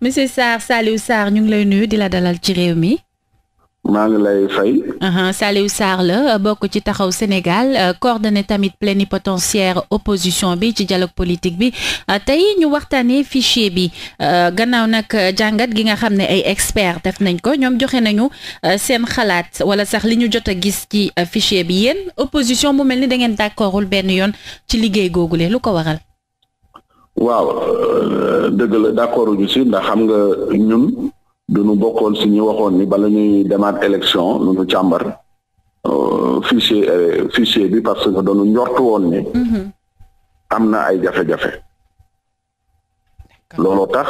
monsieur Sarr Saliou Sarr ñu ngi lay nuyu di la dalal ci réew mi. maa ngi lay fay. Saliou Sarr la bokk ci taxaw Sénégal euh, coordonné tamit plénipotentiaire opposition bi ci dialogue politique bi euh, tey ñu waxtaanee fichier bi euh, gannaaw nag jàngat gi nga xam ne ay expert def nañ ko ñoom joxe nañu seen xalaat wala sax li ñu jot a gis ci fichier bi yéen opposition mu mel ni da ngeen d'accordul benn yoon ci liggéey googule lu ko waral. waaw euh, dëgg la d'accord ñu si ndax xam nga ñun duñu bokkoon si ñu waxoon ni bala ñuy demaat élection lu ñu càmbar euh, fichier euh, fichier bi parce que doonu njortu woon ni mhm. am na ay jafe-jafe looloo tax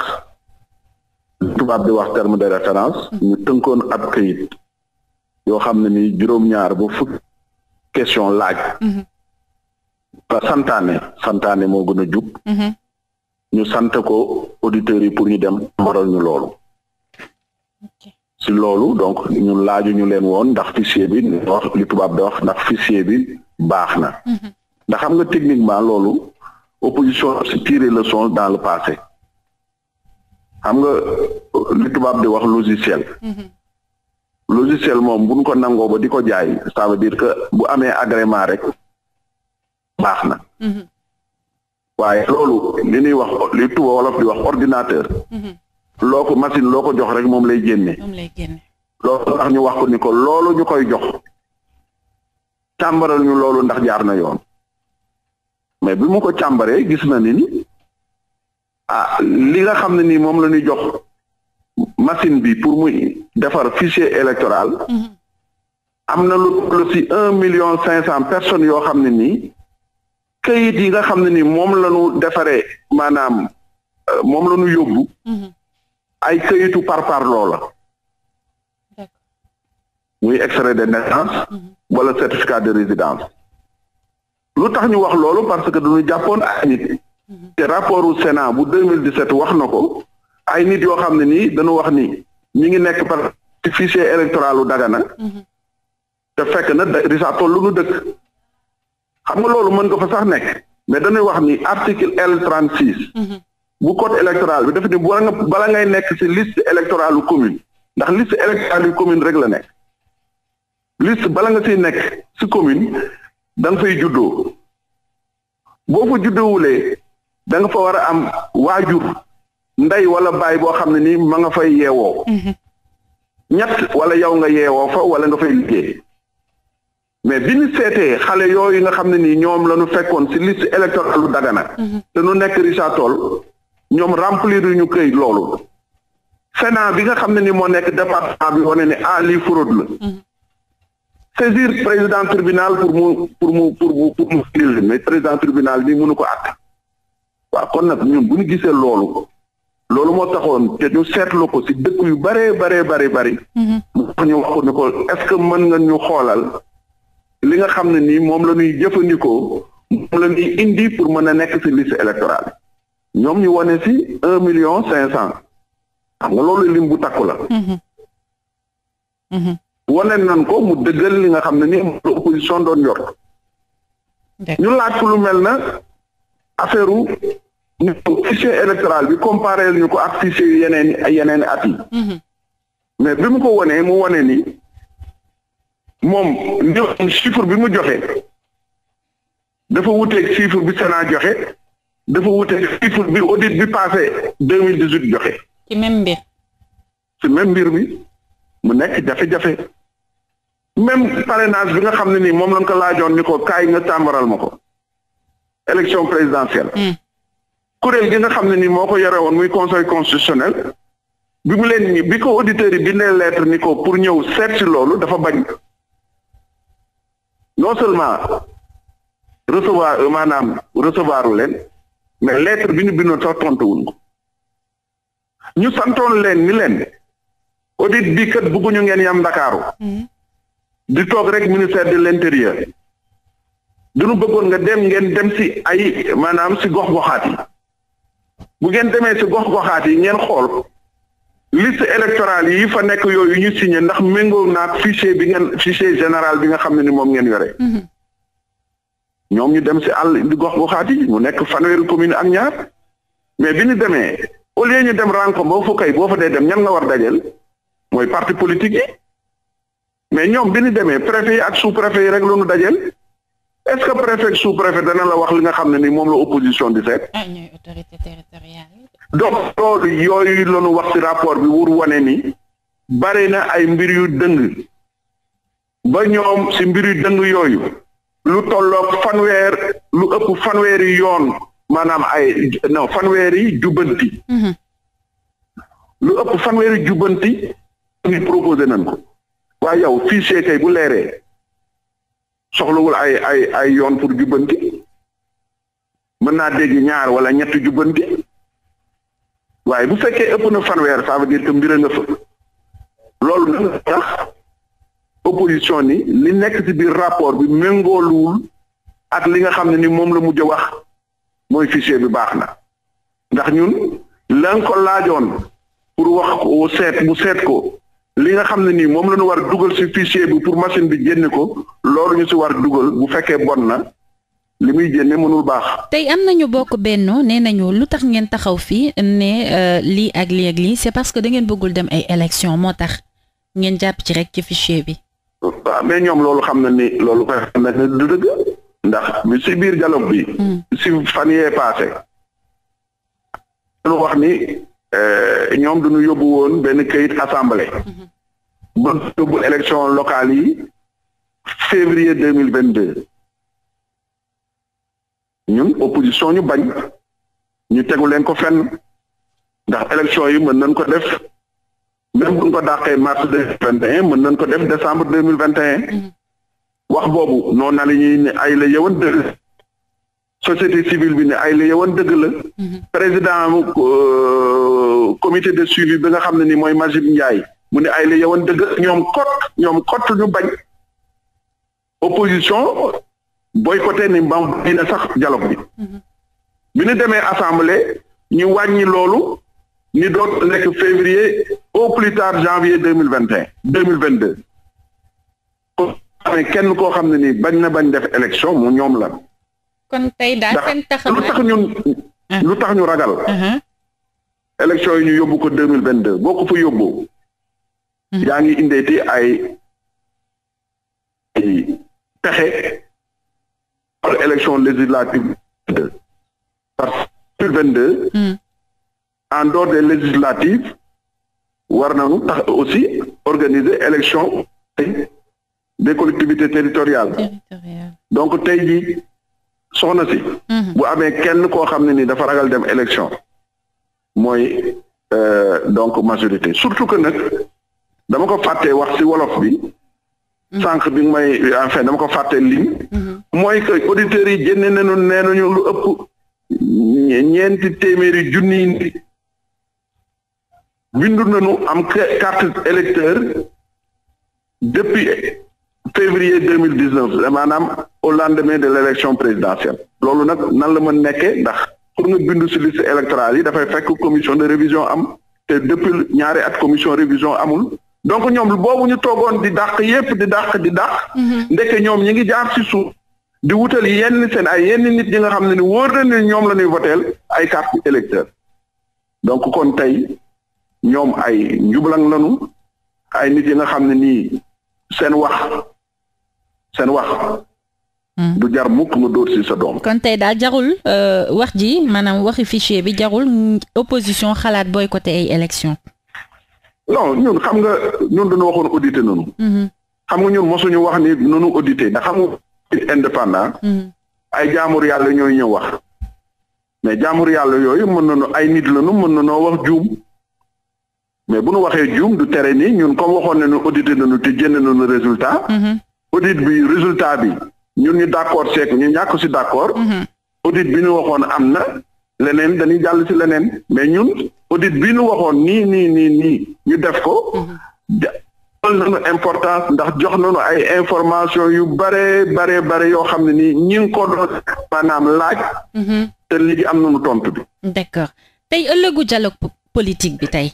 tubaab bi wax terme de référence mhm. ñu tënkoon ab këyit yoo xam ne ni juróom-ñaar ba fukk question laaj mhm. ba santaane santaane moo gën a jub ñu sante ko auditeurs yi pour ñu dem maral ñu loolu si loolu donc ñu laaju ñu leen woon ndax fichier bi li tubaab da wax ndax fichier bi baax na mhm. ndax xam nga techniquement loolu opposition si tirer leçon dans le passé xam nga li tubaab di wax logiciel mhm. logiciel moom buñ ko nangoo ba di ko jaay ça veut dire que bu amee agrément rek baax na mhm. waaye loolu li ñuy wax li tuba wolof di wax ordinateur mhm. loo ko machine loo ko jox rek moom lay génne loolu tax ñu wax ko ni ko loolu ñu koy jox càmbaral ñu loolu ndax jaar na yoon mais bi mu ko càmbaree gis na ni ni ah li nga xam ne nii moom la ñuy jox machine bi pour muy defar fichier électoral mhm. am na lu lu si un million cinq cent personnes yoo xam ne nii këyit yi nga xam na ni moom la ñu defaree maanaam euh, moom la ñu yóbbu. Mhm. ay këyitu parparloo la. muy extrait de naissance. Mhm. wala certificat de résidence. lu tax ñu wax loolu parce que dañu jàppoon ay nit. Mhm. te rapportu Sénat bu 2017 wax na ko ay nit yoo xam ne nii dañu wax ni ñi ngi nekk par ci fichier électoral lu Dagana. te fekk na richard lu nu dëkk. xam nga loolu mën nga fa sax nekk mais dañuy wax ni article L trente six mhm. bu code électoral bi dafa ni bala ngay nekk ci liste électorale u commune ndax liste électorale yu commune rek la nekk liste bala nga ciy nekk ci commune da nga fay juddoo boo fa juddoowulee da fa war a am waajur ndey wala baay boo xam ne nii ma nga fay yeewoo mhm. ñett wala yow nga yeewoo fa wala nga fay liggéey mais bi ñu seetee xale yooyu nga xam ne nii ñoom la ñu fekkoon ci liste électorale Dagana mhm. te nu nekk Richard Toll ñoom remplir ñu këy loolu Sénat bi nga xam ne ni moo nekk département bi wane ne ah lii fraude la mhm. saisir mu pour mu pour mu bi mënu ko àtte waaw kon nag ñun bu ñu gisee loolu loolu moo taxoon te ñu seetlu ko ci dëkk yu baree baree bari bari mhm. mu ñu wax ne ko est-ce que mën nga ñu xoolal li nga xam ne ni moom la ñuy jëfandikoo moom la ñuy indi pour mën a nekk ci liste électorale ñoom ñu wone ci un million cinq cent xam nga loolu lim bu takku la. Mhm. Mhm. wane nan ko mu dëggal li nga xam ne nii moom la opposition doon yor. ñu laaj ko lu mel na affaire ñu fichier électoral bi comparé ñu ko ak fichier yeneen yeneen at yi. Mhm. mais bi mu ko wanee mu wane ni. moom li chiffre bi mu joxe dafa wuteeg chiffre bi Sénat joxe dafa wuteeg chiffre bi audit bi passé deux mille dix huit joxe. ci même mbir. ci même mbir mi mu nekk jafe-jafe même parrainage bi nga xam ne nii moom lañ ko laajoon ni ko kaay nga tàmbaral ma ko élection présidentielle. Hmm. kuréel gi nga xam ne nii moo ko yore woon muy conseil constitutionnel bi mu leen ni bi ko auditeurs yi bindee lettre ni ko pour ñëw seet ci loolu dafa bañ. non seulement recevoir euh, maanaam recevoir u leen mais lettre bi ñu bindoon sax tontuwuñ ko ñu santoon leen ni leen audit bi kat ñu ngeen yam ndakaaru hmm. di toog rek ministère de l'intérieur duñu bëggoon nga dem ngeen dem ci ay maanaam ci gox goxaat yi bu ngeen demee ci gox goxaat yi ngeen xool liste électorale yi fa nekk yooyu ñu signé ndax méngoo naag fichier bi ngeen fichier général bi nga xam ne ni moom ngeen yore. Mhm. ñoom ñu dem si àll di gox goxaat yi mu nekk fanweeri commune ak ñaar mais bi ñu demee au lieu ñu dem renko boo fu kay boo fa dee dem ñan nga war dajeel mooy parti politique yi mais ñoom bi ñu demee préfet yi ak sous préfet yi rek la ñu dajeel est ce que préfet sous préfet dana la wax li nga xam ne ni moom la opposition di seet. ah ñooy autorité territoriale. donc tool yooyu la wax ci rapport bi wur wane ni bare na ay mbir yu dëng ba ñoom ci mbir yu dëng yooyu lu tolloog fanweer lu ëpp fanweeri yoon maanaam ay non fanweeri jubbanti mhm. lu ëpp fanweeri jubbanti ñu proposé nañ ko waaye yow fichier kay bu leeree soxlawul ay ay ay yoon pour jubbanti mën naa dégg ñaar wala ñetti jubbanti waaye bu fekkee ëpp na fanweer ça veut dire que mbir a nga fa loolu na nga tax opposition li nekk ci biir rapport bi méngooluwul ak li nga xam ne ni moom la mujj wax mooy fichier bi baax na ndax ñun lan ko pour wax ko seet mu seet ko li nga xam ne nii moom la ñu war dugal ci fichier bi pour machine bi génne ko loolu ñu si war dugal bu fekkee bon na li muy génne mënul baax. tey am na ñu bokk benno nee nañu lu tax ngeen taxaw fii ne euh, lii ak lii ak lii c'est parce que da ngeen bëggul dem ay élection moo tax ngeen jàpp ci rek ci fichier bi. waaw mais ñoom loolu xam na ni loolu koy xam na du dëgg. ndax mu si biir dialogue bi. Hmm. si fan yee paase. lu wax ni euh, ñoom du ñu yóbbu woon benn këyit assemblée. Hmm. ba yóbbul élection locale yi février deux mille vingt deux ñun opposition ñu bañ ñu tegu leen ko fenn ndax élection yi mën nañ ko def même bu ko dàqee mars deux mille mën nañ ko def décembre deux mille vingt et mm-hmm. wax boobu noonu na la ne ay la yëwan dëgg société civile bi ne ay la yëwan dëgg la mm-hmm. président euh, comité de suivi bi nga xam ne ni mooy Majib Ndiaye mu ne ay la yëwan dëgg ñoom kot ñoom kot ñu bañ opposition boycotté ni mbam na sax dialogue bi bi ñu demee assemblée ñu wàññi loolu ñu doon nekk février au plus tard janvier deux mille vingt et un deux mille vingt deux kon amee kenn koo xam ne nii bañ na bañ def élection mu ñoom la kon tey daal lu tax ñun ah. lu tax ñu ragal uh-huh. élection yi ñu yóbbu ko deux mille vingt deux boo ko fa yóbbu mm-hmm. yaa ngi indeeti ay pexe par élection législative parce que 22 hmm. en dehors des législatives war na tax aussi organiser élection des collectivités territoriales donc tey jii soxna si hmm. bu amee kenn koo xam ne nii dafa ragal dem élection mooy euh, donc majorité surtout que nag dama ko fàttee wax si wolof bi hmm. sànq bi may enfin dama ko fàttee lim mooy que auditeurs yi génne nañu nee nañu lu ëpp ñeenti téeméeri junniy bindu nañu am carte électeur depuis février deux mille dix neuf maanaam au lendemain de l' élection présidentielle loolu nag nan la mën nekkee ndax pour nga bindu si liste électorale yi dafay fekk commission de révision am te depuis ñaari at commission révision amul donc ñoom boobu ñu toogoon di dàq yépp di dàq di dàq. Mm-hmm. ndeke ñoom ñi ngi jaar si su di wutal yenn seen ay yenn nit yi nga xam ne ni wóor na ñoom la ñuy voteel ay carte électeur donc kon tey ñoom ay njublang lañu ay nit yi nga xam ne nii seen wax seen wax hmm. du jar mukk nga dóor ci sa doom. kon tey daal jarul euh, wax ji maanaam waxi fichier bi jarul opposition xalaat boycotté ay élection non ñun xam nga ñun dañu waxoon audité noonu hmm. xam nga ñun mosuñu wax ni noonu audité ndax xam nga indépendant ay jaamur yàlla ñooy ñëw wax mais jaamur yàlla yooyu mën nañu ay nit lañu mën na noo wax juum mais bu nu waxee juum du tere nii ñun comme waxoon na nañu audité nañu te génne nañu résultat audit bi résultat bi ñun ñu d'accord seeg ñu ñàkk si d'accord audit bi ñu waxoon am na leneen dañuy jàll si leneen mais ñun audit bi ñu waxoon nii nii nii nii ñu def ko amal nañu importance ndax jox nañu ay information yu bare bare bare yoo xam ne ni ñi ngi ko doon maanaam laaj mhm. te léegi am nañu tontu bi d'accord tey ëllëgu dialogue politique bi tey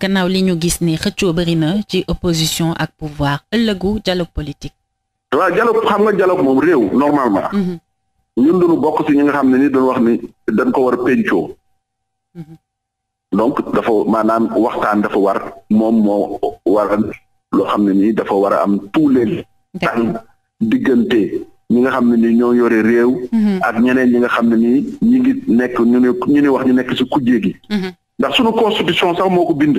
gannaaw li ñu gis ni xëccoo bëri na ci opposition ak pouvoir ëllëgu dialogue politique waaw dialogue xam nga dialogue moom réew normalement mhm. ñun duñu bokk si ñi nga xam ne ni dañu wax ni dañ ko war a donc dafa maanaam waxtaan dafa war moom moo war loo xam ne nii dafa war a am tous les temps diggante ñi nga xam ne ni ñoo yore réew mhm. ak ñeneen ñi nga xam ne nii ñi ngi nekk ñu ne ñu ne wax ñu nekk ci kujje gi mhm. ndax suñu constitution sax moo ko bind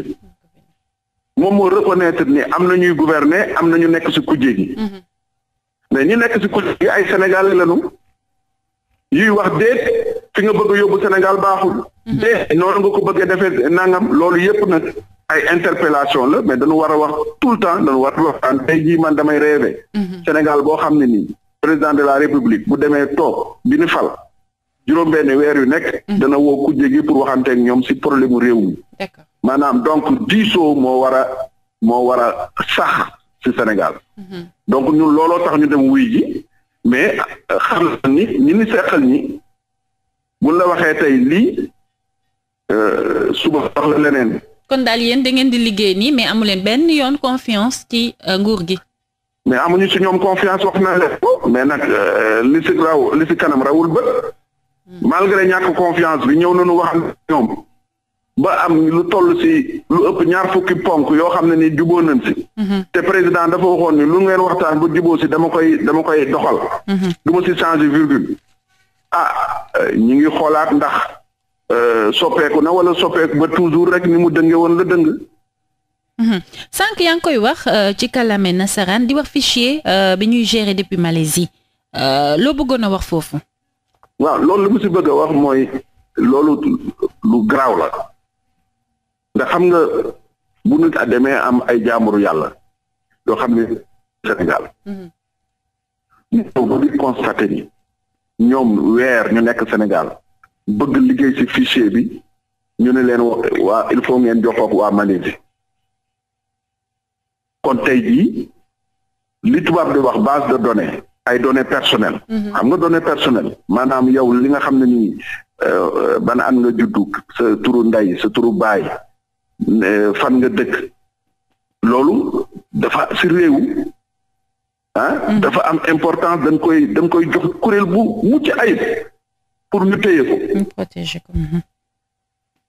moom moo reconnaître ni am na ñuy gouverner am na ñu nekk ci kujje gi mhm. mais ñu nekk ci kujje gi ay sénégalais lañu yuy wax déet fi nga bëgg a yóbbu Sénégal baaxul. te mhm. eh, noonu nga ko bëgg a defee nangam loolu yëpp nag ay interpellation la mais dañu war a wax tout le temps dañu war a waxtaan tey jii man damay rêvé. Mhm. Sénégal boo xam ne nii président la république bu demee toog bi ñu fal juróom-benn weer yu nekk. Mhm. dana woo kujje gi pour waxanteeg ñoom si problème mu réew mi. maanaam donc diisoo moo war a moo war a sax si Sénégal. donc ñun looloo tax ñu dem wuy ji mais xam ni ñi ni seqal ñi. buñ la waxee tey lii euh, suba wax la leneen. kon daal yéen da ngeen di liggéey nii mais amu leen benn yoon confiance ci euh, nguur gi. mais amuñu ci ñoom confiance wax na leen ko mais nag euh, li ci raw li kanam rawul bët. Hmm. malgré ñàkk confiance bi ñëw nañu wax ñoom ba am lu toll ci lu ëpp ñaar fukki ponk yoo xam ne ni juboo nañ ci. Hmm. te président dafa waxoon ni lu ngeen waxtaan bu juboo ci dama koy dama koy doxal. Hmm. du ci changer virgule. Ah, ah ñu ngi xoolaat ndax euh, soppeeku na wala soppeeku ba toujours rek ni mu dënge woon la dëng mhm. sànq yaa ngi koy wax euh, ci kàllaame nasaraan di wax fichier euh, bi ñuy gérer depuis Malaisie loo bëggoon a wax foofu. waaw loolu lu mu si bëgg wax mooy loolu garaaw la nga xam nga bu nit a demee am ay jaamuru yàlla yoo xam ne Sénégal. ñu mhm. ngi constaté ni ñoom weer ñu nekk Sénégal bëgg liggéey ci fichier bi ñu ne leen waa il faut ngeen jokkoo ak waa Malaisie kon tey jii li tubaab di wax base de données ay données personnelles. Mhm. xam nga données personnelles maanaam yow li nga xam ne nii euh, ban an nga juddu sa turu nday sa turu baay euh, fan nga dëkk loolu dafa si réew ah mhm. dafa am important dañ koy dañ koy jox kuréel bu mucc ayib pour ñu téye ko. ñu protéger ko. Mhm.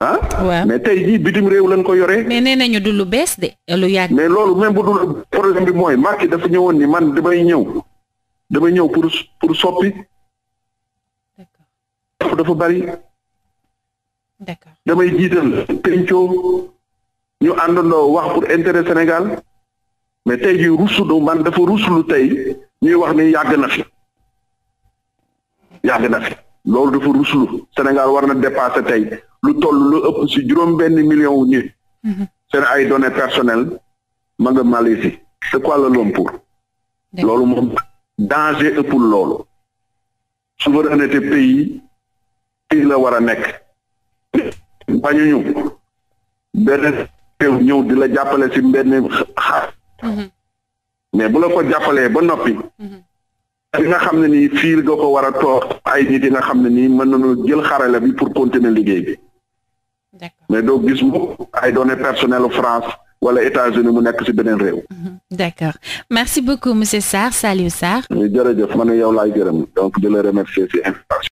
ah. mais tey jii bitim réew lañ ko yore mais nee nañu du lu bees de lu yàgg. mais loolu même bu dul problème bi mooy Macky dafa ñëwoon ni man damay ñëw damay ñëw pour pour soppi. dafa bari. d'accord damay jiital pencoo ñu àndandoo wax pour intérêt Sénégal. mais tey jii ruslu man dafa ruslu tey ñuy wax ni yàgg na fi yàgg na fi loolu dafa ruslu Sénégal war na dépasser tey lu toll lu ëpp ci juróom benn million wu nit seen ay données personnelles ma nga Malaisie c'est Kuala loolu moom danger ëppul loolu souveraineté pays fii la war a nekk bañuñu benn réew ñëw di la jàppale ci benn xaar Mm-hmm. mais bu la ko jàppalee ba noppi. li mm-hmm. nga xam ne nii fii nga ko war a toog ay nit yi nga xam ne nii mën nañu jël xarala bi pour continuer liggéey bi. mais doo gis mukk ay données personnelles France wala États-Unis mu nekk ci beneen réew. Mm-hmm. d'accord merci beaucoup monsieur Sarr Saliou Sarr. jërëjëf man yow laay gërëm donc di la remercier ci information.